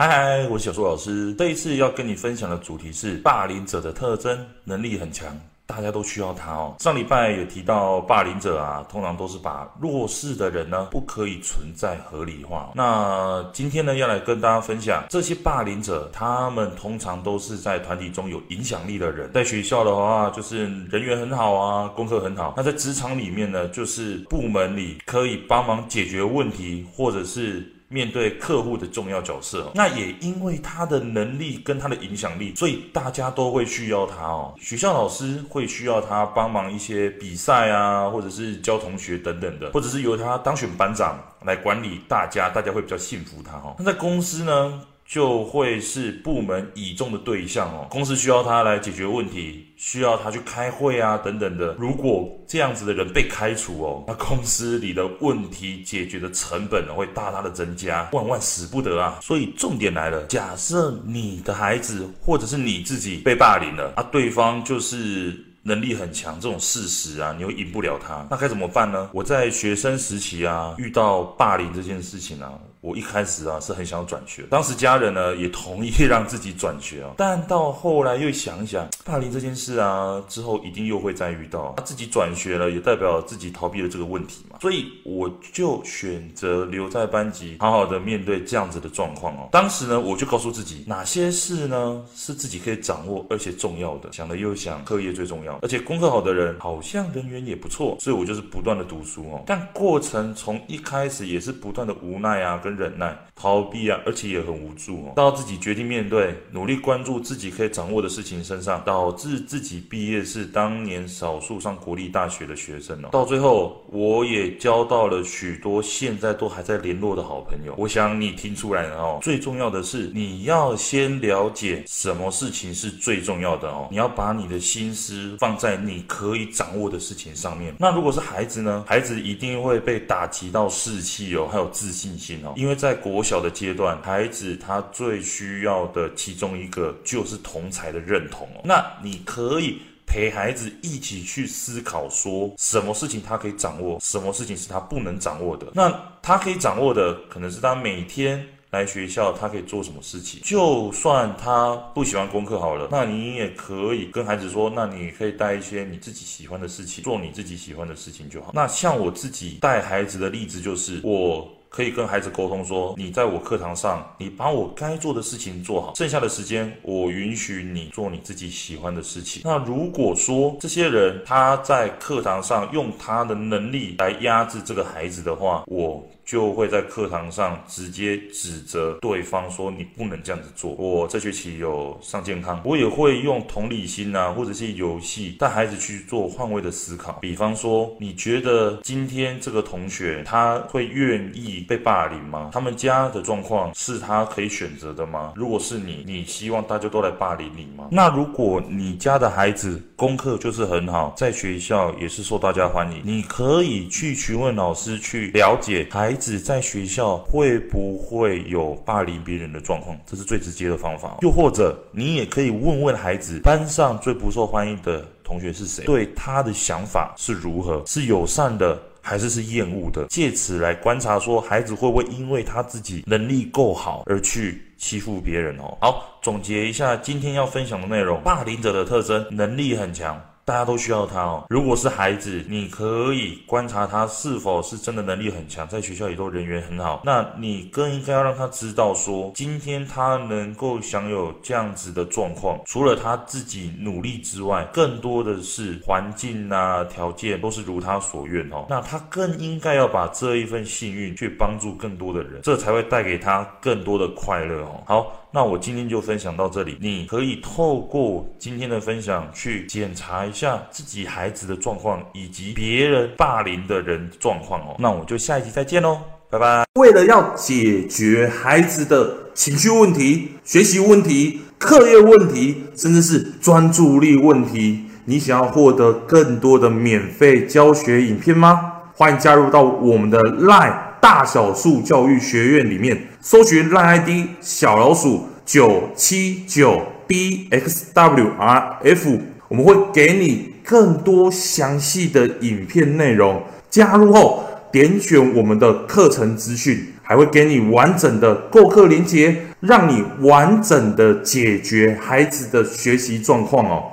嗨，我是小樹老師。這一次要跟你分享的主題是霸凌者的特徵，能力很強，大家都需要他哦。上禮拜有提到霸凌者啊，通常都是把弱勢的人呢不可以存在合理化。那今天呢，要來跟大家分享這些霸凌者，他們通常都是在團體中有影響力的人。在學校的話，就是人緣很好啊，功課很好。那在職場裡面呢，就是部門裡可以幫忙解決問題，或者是。面對客戶的重要角色，那也因為他的能力跟他的影響力，所以大家都會需要他哦。學校老師會需要他幫忙一些比賽啊，或者是教同學等等的，或者是由他當選班長來管理大家，大家會比較信服他哦，那在公司呢？就會是部門倚重的對象哦，公司需要他來解決問題，需要他去開會啊，等等的。如果這樣子的人被開除哦，那公司裡的問題解決的成本呢，會大大的增加，萬萬使不得啊！所以重點來了，假設你的孩子或者是你自己被霸凌了，啊，對方就是能力很強，這種事實啊，你又贏不了他，那該怎麼辦呢？我在學生時期啊，遇到霸凌這件事情啊。我一開始啊是很想要轉學，當時家人呢也同意讓自己轉學啊、哦，但到後來又想想霸凌這件事啊，之後一定又會再遇到，那自己轉學了也代表自己逃避了這個問題嘛，所以我就選擇留在班級，好好的面對這樣子的狀況哦。當時呢，我就告訴自己哪些事呢是自己可以掌握而且重要的，想了又想，課業最重要，而且功課好的人好像人緣也不錯，所以我就是不斷的讀書哦。但過程從一開始也是不斷的無奈啊。很忍耐、逃避啊，而且也很無助哦。到自己決定面對，努力關注自己可以掌握的事情身上，導致自己畢業是當年少數上國立大學的學生哦。到最後，我也交到了許多現在都還在聯絡的好朋友。我想你聽出來的哦。最重要的是，你要先了解什麼事情是最重要的哦。你要把你的心思放在你可以掌握的事情上面。那如果是孩子呢？孩子一定會被打擊到士氣哦，還有自信心哦。因為在國小的階段，孩子他最需要的其中一個就是同儕的認同哦。那你可以陪孩子一起去思考，說什麼事情他可以掌握，什麼事情是他不能掌握的。那他可以掌握的，可能是他每天來學校，他可以做什麼事情。就算他不喜歡功課好了，那你也可以跟孩子說，那你可以帶一些你自己喜歡的事情，做你自己喜歡的事情就好。那像我自己帶孩子的例子就是我。可以跟孩子溝通說：“你在我課堂上，你把我該做的事情做好，剩下的時間我允許你做你自己喜歡的事情。”那如果說這些人他在課堂上用他的能力來壓制這個孩子的話，我。就會在課堂上直接指責對方，說你不能這樣子做。我這學期，期有上健康，我也會用同理心啊，或者是遊戲帶孩子去做換位的思考。比方說，你覺得今天這個同學他會願意被霸凌嗎？他們家的狀況是他可以選擇的嗎？如果是你，你希望大家都來霸凌你嗎？那如果你家的孩子功課就是很好，在學校也是受大家歡迎，你可以去詢問老師去了解孩。孩子在學校會不會有霸凌別人的狀況？這是最直接的方法。又或者，你也可以問問孩子，班上最不受歡迎的同學是誰，對他的想法是如何，是友善的還是是厭惡的？借此來觀察，說孩子會不會因為他自己能力夠好而去欺負別人哦。好，總結一下今天要分享的內容：霸凌者的特徵，能力很強。大家都需要他哦。如果是孩子，你可以觀察他是否是真的能力很強，在學校裡都人緣很好。那你更應該要讓他知道說，說今天他能夠享有這樣子的狀況，除了他自己努力之外，更多的是環境啊條件都是如他所願哦。那他更應該要把這一份幸運去幫助更多的人，這才會帶給他更多的快樂哦。好。那我今天就分享到這裡，你可以透過今天的分享去檢查一下自己孩子的狀況，以及別人霸凌的人的狀況哦。那我們就下一集再見嘍，拜拜。為了要解決孩子的情緒問題、學習問題、課業問題，甚至是專注力問題，你想要獲得更多的免費教學影片嗎？歡迎加入到我們的 LINE。大小樹教育學院裡面，搜尋 LINE ID 小老鼠九七九 BXWRF，我們會給你更多詳細的影片內容。加入後，點選我們的課程資訊，還會給你完整的購課連結，讓你完整的解決孩子的學習狀況哦。